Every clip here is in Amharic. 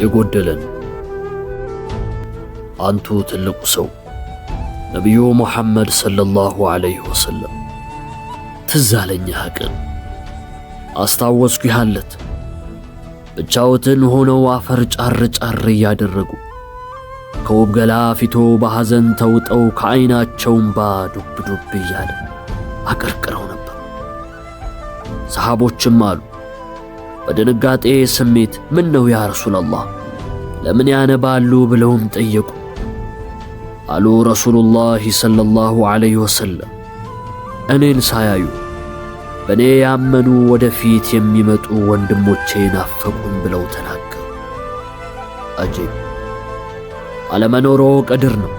የጎደለን አንቱ ትልቁ ሰው ነቢዩ ሙሐመድ ሰለላሁ ዐለይሂ ወሰለም ትዝ አለኝ ሐቅን አስታወስኩ ያለት ብቻውትን ሆነው አፈር ጫር ጫር እያደረጉ ከውብ ገላ ፊቶ በሐዘን ተውጠው ከዐይናቸው እምባ ዱብ እያለ አቀርቅረው ነበር። ሰሃቦችም አሉ በድንጋጤ ስሜት ምን ነው ያ ረሱላላህ ለምን ያነባሉ ብለውም ጠየቁ። አሉ ረሱሉላህ ሰለላሁ ዐለይሂ ወሰለም እኔን ሳያዩ በእኔ ያመኑ ወደፊት የሚመጡ ወንድሞቼ ናፈቁን ብለው ተናገሩ። አጂብ! አለመኖሮ ቀድር ነው፣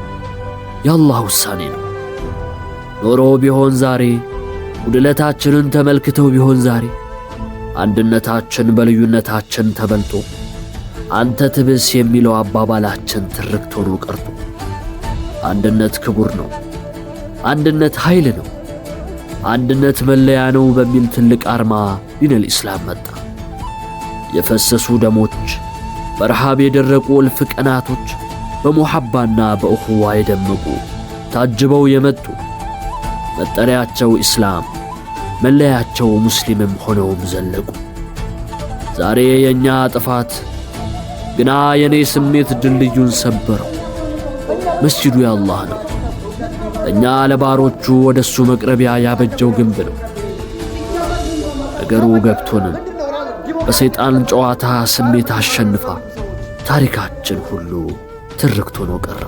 የአላህ ውሳኔ ነው። ኖሮ ቢሆን ዛሬ፣ ጉድለታችንን ተመልክተው ቢሆን ዛሬ፣ አንድነታችን በልዩነታችን ተበልጦ አንተ ትብስ የሚለው አባባላችን ትርክት ሆኖ ቀርቶ፣ አንድነት ክቡር ነው። አንድነት ኃይል ነው። አንድነት መለያ ነው በሚል ትልቅ አርማ ዲነል ኢስላም መጣ። የፈሰሱ ደሞች፣ በረሃብ የደረቁ እልፍ ቀናቶች በሙሐባና በእኹዋ የደመቁ ታጅበው የመጡ መጠሪያቸው ኢስላም መለያቸው ሙስሊምም ሆነውም ዘለቁ። ዛሬ የእኛ ጥፋት ግና የእኔ ስሜት ድልድዩን ሰበረው። መስጂዱ ያላህ ነው እኛ ለባሮቹ ወደ እሱ መቅረቢያ ያበጀው ግንብ ነው። ነገሩ ገብቶንም በሰይጣን ጨዋታ ስሜት አሸንፋ ታሪካችን ሁሉ ትርክት ሆኖ ቀረ።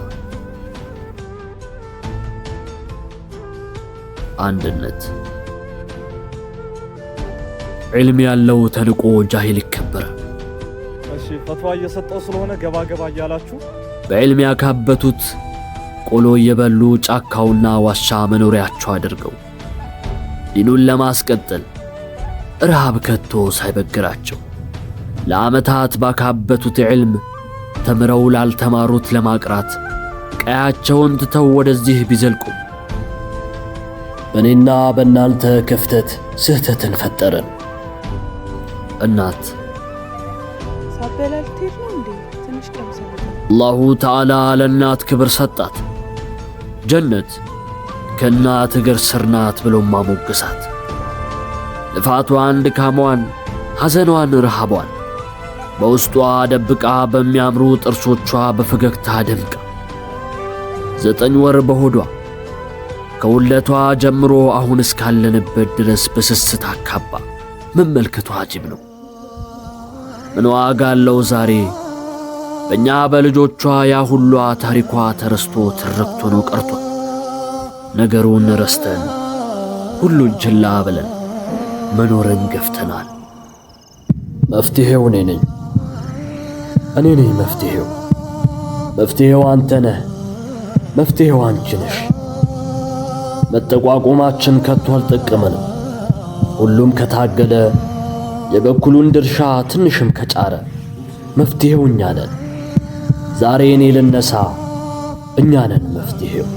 አንድነት ዕልም ያለው ተንቆ ጃሂል ይከበረ። እሺ ፈትዋ እየሰጠው ስለሆነ ገባ ገባ እያላችሁ በዕልም ያካበቱት ቆሎ እየበሉ ጫካውና ዋሻ መኖሪያቸው አድርገው ዲኑን ለማስቀጠል ረሃብ ከቶ ሳይበግራቸው ለዓመታት ባካበቱት ዕልም ተምረው ላልተማሩት ለማቅራት ቀያቸውን ትተው ወደዚህ ቢዘልቁ በእኔና በእናንተ ክፍተት ስህተትን ፈጠረን። እናት አላሁ ተዓላ ለእናት ክብር ሰጣት። ጀነት ከእናት እግር ስር ናት ብሎ ማሞግሳት ልፋቷን፣ ድካሟን፣ ሐዘኗን፣ ረሃቧን በውስጧ ደብቃ በሚያምሩ ጥርሶቿ በፈገግታ ደምቃ ዘጠኝ ወር በሆዷ ከውለቷ ጀምሮ አሁን እስካለንበት ድረስ በስስት አካባ መመልከቷ አጅብ ነው። ምን ዋጋ አለው ዛሬ በእኛ በልጆቿ ያ ሁሏ ታሪኳ ተረስቶ ትርክት ነው ቀርቷል። ነገሩን ረስተን ሁሉን ችላ ብለን መኖርን ገፍተናል። መፍትሄው እኔ ነኝ። እኔ ነኝ መፍትሄው መፍትሔው አንተ ነህ። መፍትሄው አንቺ ነሽ። መጠቋቆማችን ከቶ አልጠቀመንም። ሁሉም ከታገለ፣ የበኩሉን ድርሻ ትንሽም ከጫረ መፍትሄው እኛ ነን። ዛሬ እኔ ልነሳ፣ እኛ ነን መፍትሄው።